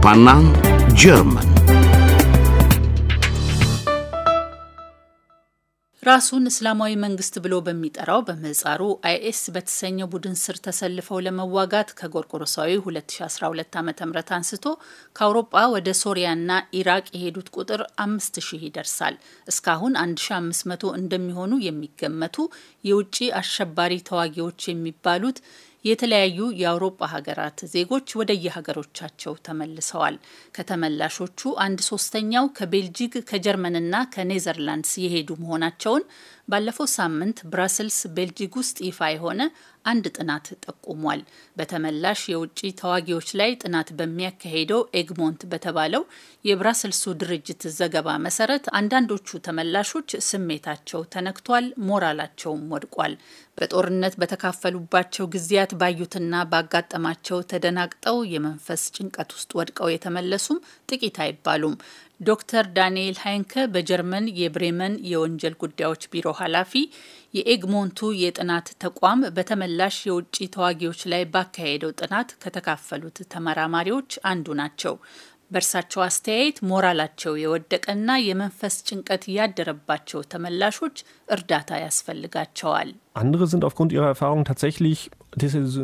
አውሮፓና ጀርመን ራሱን እስላማዊ መንግስት ብሎ በሚጠራው በምህጻሩ አይኤስ በተሰኘው ቡድን ስር ተሰልፈው ለመዋጋት ከጎርጎሮሳዊ 2012 ዓ ም አንስቶ ከአውሮጳ ወደ ሶሪያና ኢራቅ የሄዱት ቁጥር 5000 ይደርሳል። እስካሁን 1500 እንደሚሆኑ የሚገመቱ የውጭ አሸባሪ ተዋጊዎች የሚባሉት የተለያዩ የአውሮፓ ሀገራት ዜጎች ወደየሀገሮቻቸው ተመልሰዋል። ከተመላሾቹ አንድ ሶስተኛው ከቤልጂግ ከጀርመንና ከኔዘርላንድስ የሄዱ መሆናቸውን ባለፈው ሳምንት ብራስልስ ቤልጂግ ውስጥ ይፋ የሆነ አንድ ጥናት ጠቁሟል። በተመላሽ የውጭ ተዋጊዎች ላይ ጥናት በሚያካሄደው ኤግሞንት በተባለው የብራስልሱ ድርጅት ዘገባ መሰረት አንዳንዶቹ ተመላሾች ስሜታቸው ተነክቷል፣ ሞራላቸውም ወድቋል። በጦርነት በተካፈሉባቸው ጊዜያት ምክንያት ባዩትና ባጋጠማቸው ተደናግጠው የመንፈስ ጭንቀት ውስጥ ወድቀው የተመለሱም ጥቂት አይባሉም። ዶክተር ዳንኤል ሃይንከ በጀርመን የብሬመን የወንጀል ጉዳዮች ቢሮ ኃላፊ የኤግሞንቱ የጥናት ተቋም በተመላሽ የውጭ ተዋጊዎች ላይ ባካሄደው ጥናት ከተካፈሉት ተመራማሪዎች አንዱ ናቸው። በእርሳቸው አስተያየት ሞራላቸው የወደቀና የመንፈስ ጭንቀት ያደረባቸው ተመላሾች እርዳታ ያስፈልጋቸዋል። andere sind aufgrund ihrer Erfahrung tatsächlich.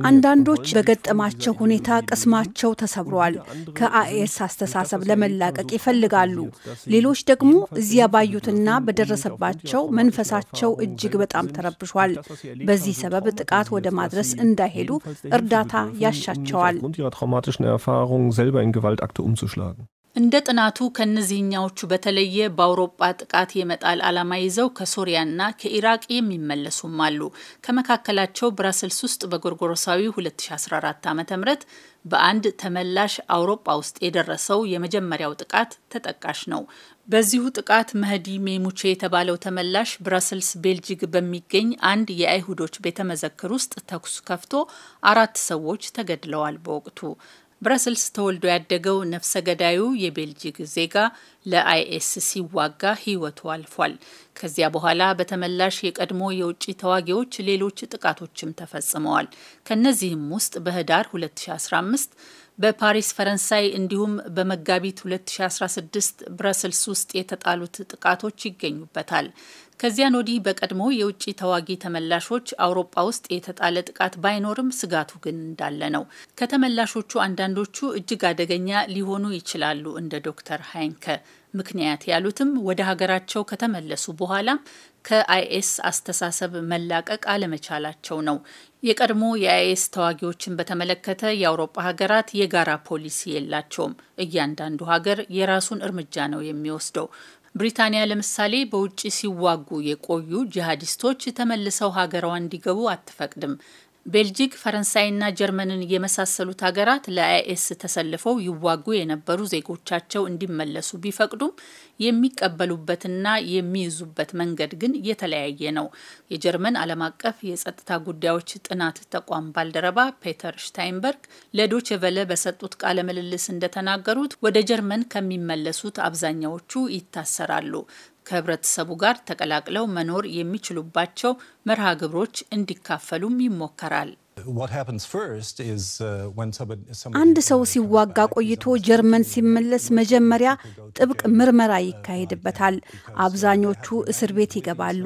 አንዳንዶች በገጠማቸው ሁኔታ ቅስማቸው ተሰብሯል። ከአኤስ አስተሳሰብ ለመላቀቅ ይፈልጋሉ። ሌሎች ደግሞ እዚያ ባዩትና በደረሰባቸው መንፈሳቸው እጅግ በጣም ተረብሿል። በዚህ ሰበብ ጥቃት ወደ ማድረስ እንዳይሄዱ እርዳታ ያሻቸዋል። እንደ ጥናቱ ከነዚህኛዎቹ በተለየ በአውሮጳ ጥቃት የመጣል ዓላማ ይዘው ከሶሪያና ከኢራቅ የሚመለሱም አሉ። ከመካከላቸው ብራስልስ ውስጥ በጎርጎሮሳዊ 2014 ዓ ም በአንድ ተመላሽ አውሮጳ ውስጥ የደረሰው የመጀመሪያው ጥቃት ተጠቃሽ ነው። በዚሁ ጥቃት መህዲ ሜሙቼ የተባለው ተመላሽ ብራስልስ ቤልጂግ በሚገኝ አንድ የአይሁዶች ቤተ መዘክር ውስጥ ተኩስ ከፍቶ አራት ሰዎች ተገድለዋል። በወቅቱ ብራስልስ ተወልዶ ያደገው ነፍሰ ገዳዩ የቤልጂክ ዜጋ ለአይኤስ ሲዋጋ ሕይወቱ አልፏል። ከዚያ በኋላ በተመላሽ የቀድሞ የውጭ ተዋጊዎች ሌሎች ጥቃቶችም ተፈጽመዋል። ከእነዚህም ውስጥ በህዳር 2015 በፓሪስ ፈረንሳይ እንዲሁም በመጋቢት 2016 ብረስልስ ውስጥ የተጣሉት ጥቃቶች ይገኙበታል። ከዚያን ወዲህ በቀድሞ የውጭ ተዋጊ ተመላሾች አውሮፓ ውስጥ የተጣለ ጥቃት ባይኖርም ስጋቱ ግን እንዳለ ነው። ከተመላሾቹ አንዳንዶቹ እጅግ አደገኛ ሊሆኑ ይችላሉ እንደ ዶክተር ሃይንከ ምክንያት ያሉትም ወደ ሀገራቸው ከተመለሱ በኋላ ከአይኤስ አስተሳሰብ መላቀቅ አለመቻላቸው ነው። የቀድሞ የአይኤስ ተዋጊዎችን በተመለከተ የአውሮፓ ሀገራት የጋራ ፖሊሲ የላቸውም። እያንዳንዱ ሀገር የራሱን እርምጃ ነው የሚወስደው። ብሪታንያ ለምሳሌ በውጭ ሲዋጉ የቆዩ ጂሃዲስቶች ተመልሰው ሀገሯ እንዲገቡ አትፈቅድም። ቤልጂክ፣ ፈረንሳይና ጀርመንን የመሳሰሉት ሀገራት ለአይኤስ ተሰልፈው ይዋጉ የነበሩ ዜጎቻቸው እንዲመለሱ ቢፈቅዱም የሚቀበሉበትና የሚይዙበት መንገድ ግን የተለያየ ነው። የጀርመን ዓለም አቀፍ የጸጥታ ጉዳዮች ጥናት ተቋም ባልደረባ ፔተር ሽታይንበርግ ለዶቼ ቨለ በሰጡት ቃለ ምልልስ እንደተናገሩት ወደ ጀርመን ከሚመለሱት አብዛኛዎቹ ይታሰራሉ። ከህብረተሰቡ ጋር ተቀላቅለው መኖር የሚችሉባቸው መርሃ ግብሮች እንዲካፈሉም ይሞከራል። uh, አንድ ሰው ሲዋጋ ቆይቶ ጀርመን ሲመለስ መጀመሪያ ጥብቅ ምርመራ ይካሄድበታል። አብዛኞቹ እስር ቤት ይገባሉ።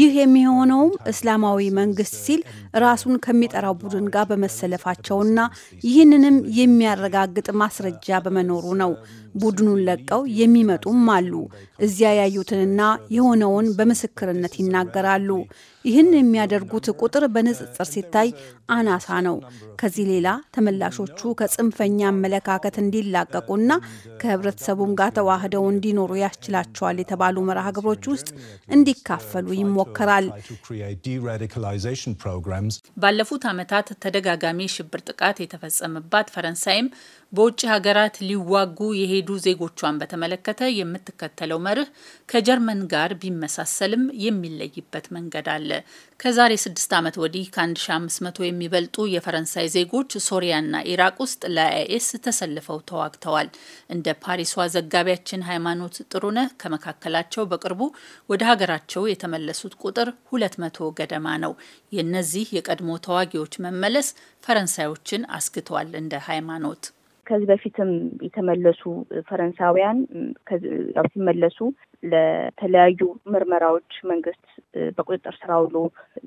ይህ የሚሆነውም እስላማዊ መንግስት ሲል ራሱን ከሚጠራው ቡድን ጋር በመሰለፋቸውና ይህንንም የሚያረጋግጥ ማስረጃ በመኖሩ ነው። ቡድኑን ለቀው የሚመጡም አሉ። እዚያ ያዩትንና የሆነውን በምስክርነት ይናገራሉ። ይህን የሚያደርጉት ቁጥር በንጽጽር ሲታይ አናሳ ነው። ከዚህ ሌላ ተመላሾቹ ከጽንፈኛ አመለካከት እንዲላቀቁና ከህብረተሰቡም ጋር ተዋህደው እንዲኖሩ ያስችላቸዋል የተባሉ መርሃ ግብሮች ውስጥ እንዲካፈሉ ይሞከራል። ባለፉት ዓመታት ተደጋጋሚ ሽብር ጥቃት የተፈጸመባት ፈረንሳይም በውጭ ሀገራት ሊዋጉ የሄዱ ዜጎቿን በተመለከተ የምትከተለው መርህ ከጀርመን ጋር ቢመሳሰልም የሚለይበት መንገድ አለ። ከዛሬ ስድስት ዓመት ወዲህ ከ1500 የሚበልጡ የፈረንሳይ ዜጎች ሶሪያና ኢራቅ ውስጥ ለአይኤስ ተሰልፈው ተዋግተዋል። እንደ ፓሪሷ ዘጋቢ ዘጋቢያችን ሃይማኖት ጥሩነህ ከመካከላቸው በቅርቡ ወደ ሀገራቸው የተመለሱት ቁጥር ሁለት መቶ ገደማ ነው። የእነዚህ የቀድሞ ተዋጊዎች መመለስ ፈረንሳዮችን አስግተዋል። እንደ ሃይማኖት ከዚህ በፊትም የተመለሱ ፈረንሳውያን ያው ሲመለሱ ለተለያዩ ምርመራዎች መንግስት በቁጥጥር ስር አውሎ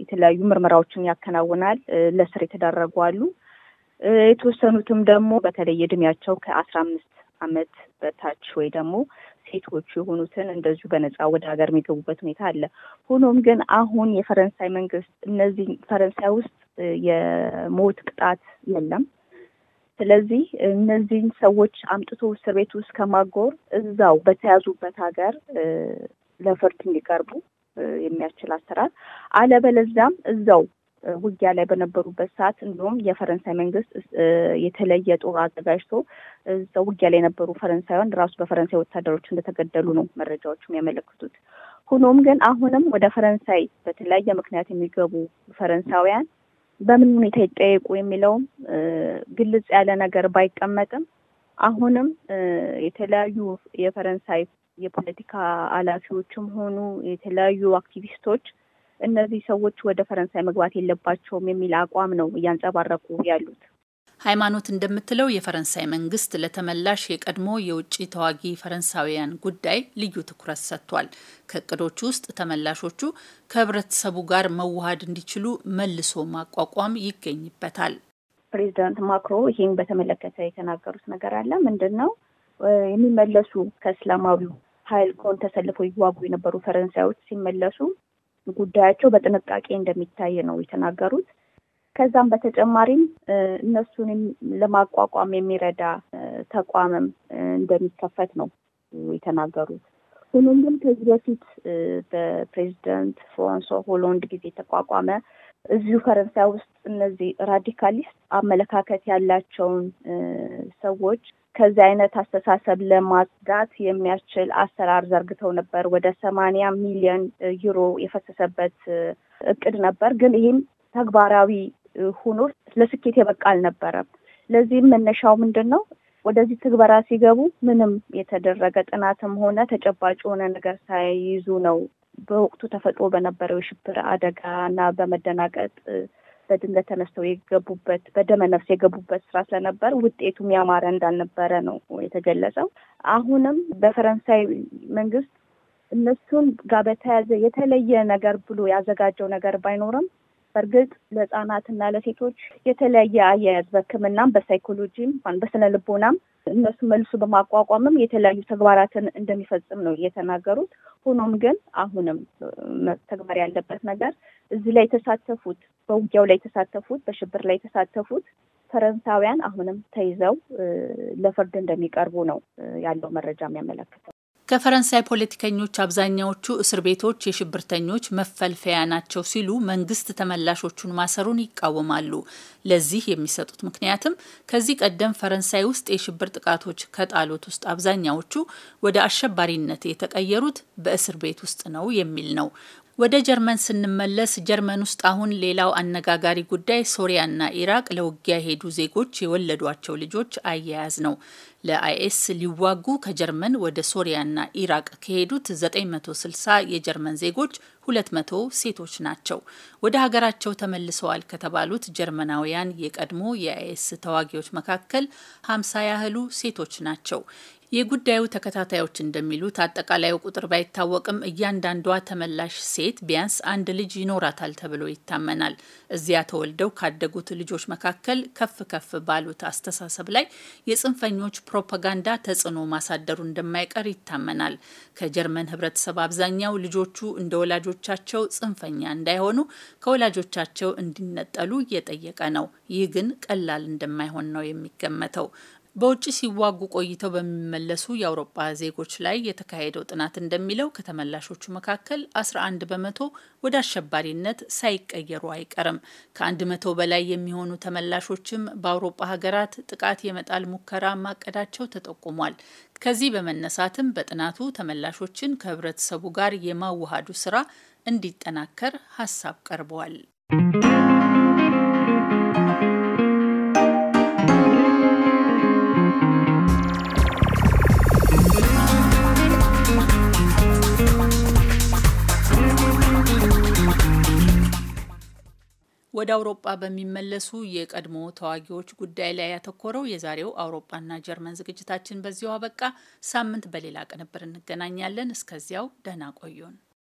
የተለያዩ ምርመራዎችን ያከናውናል። ለስር የተዳረጉ አሉ። የተወሰኑትም ደግሞ በተለይ እድሜያቸው ከአስራ አምስት አመት በታች ወይ ደግሞ ሴቶቹ የሆኑትን እንደዚሁ በነጻ ወደ ሀገር የሚገቡበት ሁኔታ አለ። ሆኖም ግን አሁን የፈረንሳይ መንግስት እነዚህ ፈረንሳይ ውስጥ የሞት ቅጣት የለም። ስለዚህ እነዚህን ሰዎች አምጥቶ እስር ቤት ውስጥ ከማጎር እዛው በተያዙበት ሀገር ለፍርድ እንዲቀርቡ የሚያስችል አሰራር፣ አለበለዚያም እዛው ውጊያ ላይ በነበሩበት ሰዓት እንዲሁም የፈረንሳይ መንግስት የተለየ ጦር አዘጋጅቶ እዛ ውጊያ ላይ የነበሩ ፈረንሳይን ራሱ በፈረንሳይ ወታደሮች እንደተገደሉ ነው መረጃዎች የሚያመለክቱት። ሆኖም ግን አሁንም ወደ ፈረንሳይ በተለያየ ምክንያት የሚገቡ ፈረንሳውያን በምን ሁኔታ ይጠየቁ የሚለውም ግልጽ ያለ ነገር ባይቀመጥም አሁንም የተለያዩ የፈረንሳይ የፖለቲካ ኃላፊዎችም ሆኑ የተለያዩ አክቲቪስቶች እነዚህ ሰዎች ወደ ፈረንሳይ መግባት የለባቸውም የሚል አቋም ነው እያንጸባረቁ ያሉት። ሃይማኖት እንደምትለው የፈረንሳይ መንግስት ለተመላሽ የቀድሞ የውጭ ተዋጊ ፈረንሳውያን ጉዳይ ልዩ ትኩረት ሰጥቷል። ከእቅዶቹ ውስጥ ተመላሾቹ ከህብረተሰቡ ጋር መዋሃድ እንዲችሉ መልሶ ማቋቋም ይገኝበታል። ፕሬዚዳንት ማክሮ ይህን በተመለከተ የተናገሩት ነገር አለ። ምንድን ነው የሚመለሱ ከእስላማዊው ኃይል ጎን ተሰልፈው ይዋጉ የነበሩ ፈረንሳዮች ሲመለሱ ጉዳያቸው በጥንቃቄ እንደሚታይ ነው የተናገሩት። ከዛም በተጨማሪም እነሱንም ለማቋቋም የሚረዳ ተቋምም እንደሚከፈት ነው የተናገሩት። ሆኖም ግን ከዚህ በፊት በፕሬዚደንት ፍራንሷ ሆሎንድ ጊዜ የተቋቋመ እዚሁ ፈረንሳይ ውስጥ እነዚህ ራዲካሊስት አመለካከት ያላቸውን ሰዎች ከዚህ አይነት አስተሳሰብ ለማጽዳት የሚያስችል አሰራር ዘርግተው ነበር። ወደ ሰማንያ ሚሊዮን ዩሮ የፈሰሰበት እቅድ ነበር። ግን ይህም ተግባራዊ ሆኖ ለስኬት የበቃ አልነበረም። ለዚህም መነሻው ምንድን ነው? ወደዚህ ትግበራ ሲገቡ ምንም የተደረገ ጥናትም ሆነ ተጨባጭ የሆነ ነገር ሳይይዙ ነው። በወቅቱ ተፈጥሮ በነበረው የሽብር አደጋ እና በመደናቀጥ በድንገት ተነስተው የገቡበት በደመነፍስ የገቡበት ስራ ስለነበር ውጤቱም ያማረ እንዳልነበረ ነው የተገለጸው። አሁንም በፈረንሳይ መንግስት እነሱን ጋር በተያያዘ የተለየ ነገር ብሎ ያዘጋጀው ነገር ባይኖርም በእርግጥ ለህጻናትና ለሴቶች የተለያየ አያያዝ በህክምናም በሳይኮሎጂም በስነ ልቦናም እነሱ መልሶ በማቋቋምም የተለያዩ ተግባራትን እንደሚፈጽም ነው የተናገሩት። ሆኖም ግን አሁንም ተግባር ያለበት ነገር እዚህ ላይ የተሳተፉት በውጊያው ላይ የተሳተፉት በሽብር ላይ የተሳተፉት ፈረንሳውያን አሁንም ተይዘው ለፍርድ እንደሚቀርቡ ነው ያለው መረጃ የሚያመለክተው። ከፈረንሳይ ፖለቲከኞች አብዛኛዎቹ እስር ቤቶች የሽብርተኞች መፈልፈያ ናቸው ሲሉ መንግስት ተመላሾቹን ማሰሩን ይቃወማሉ። ለዚህ የሚሰጡት ምክንያትም ከዚህ ቀደም ፈረንሳይ ውስጥ የሽብር ጥቃቶች ከጣሉት ውስጥ አብዛኛዎቹ ወደ አሸባሪነት የተቀየሩት በእስር ቤት ውስጥ ነው የሚል ነው። ወደ ጀርመን ስንመለስ ጀርመን ውስጥ አሁን ሌላው አነጋጋሪ ጉዳይ ሶሪያና ኢራቅ ለውጊያ የሄዱ ዜጎች የወለዷቸው ልጆች አያያዝ ነው። ለአይኤስ ሊዋጉ ከጀርመን ወደ ሶሪያና ኢራቅ ከሄዱት 960 የጀርመን ዜጎች 200 ሴቶች ናቸው። ወደ ሀገራቸው ተመልሰዋል ከተባሉት ጀርመናውያን የቀድሞ የአይኤስ ተዋጊዎች መካከል 50 ያህሉ ሴቶች ናቸው። የጉዳዩ ተከታታዮች እንደሚሉት አጠቃላዩ ቁጥር ባይታወቅም እያንዳንዷ ተመላሽ ሴት ቢያንስ አንድ ልጅ ይኖራታል ተብሎ ይታመናል። እዚያ ተወልደው ካደጉት ልጆች መካከል ከፍ ከፍ ባሉት አስተሳሰብ ላይ የጽንፈኞች ፕሮፓጋንዳ ተጽዕኖ ማሳደሩ እንደማይቀር ይታመናል። ከጀርመን ሕብረተሰብ አብዛኛው ልጆቹ እንደ ወላጆቻቸው ጽንፈኛ እንዳይሆኑ ከወላጆቻቸው እንዲነጠሉ እየጠየቀ ነው። ይህ ግን ቀላል እንደማይሆን ነው የሚገመተው። በውጭ ሲዋጉ ቆይተው በሚመለሱ የአውሮፓ ዜጎች ላይ የተካሄደው ጥናት እንደሚለው ከተመላሾቹ መካከል 11 በመቶ ወደ አሸባሪነት ሳይቀየሩ አይቀርም። ከአንድ መቶ በላይ የሚሆኑ ተመላሾችም በአውሮፓ ሀገራት ጥቃት የመጣል ሙከራ ማቀዳቸው ተጠቁሟል። ከዚህ በመነሳትም በጥናቱ ተመላሾችን ከህብረተሰቡ ጋር የማዋሃዱ ስራ እንዲጠናከር ሀሳብ ቀርበዋል። ወደ አውሮጳ በሚመለሱ የቀድሞ ተዋጊዎች ጉዳይ ላይ ያተኮረው የዛሬው አውሮጳና ጀርመን ዝግጅታችን በዚሁ አበቃ። ሳምንት በሌላ ቅንብር እንገናኛለን። እስከዚያው ደህና ቆዩን።